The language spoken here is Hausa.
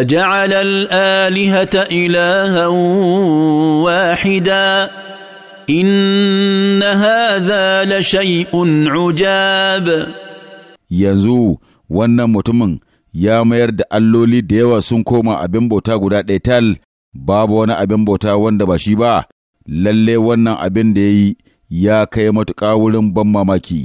اجعل الالهه الها واحدا ان هذا لشيء عجاب yanzu wannan mutumin ya mayar da alloli da yawa sun koma abin bauta guda ɗaya tal babu wani abin bauta wanda ba shi ba lalle wannan abin da ya yi ya kai matuƙa wurin ban mamaki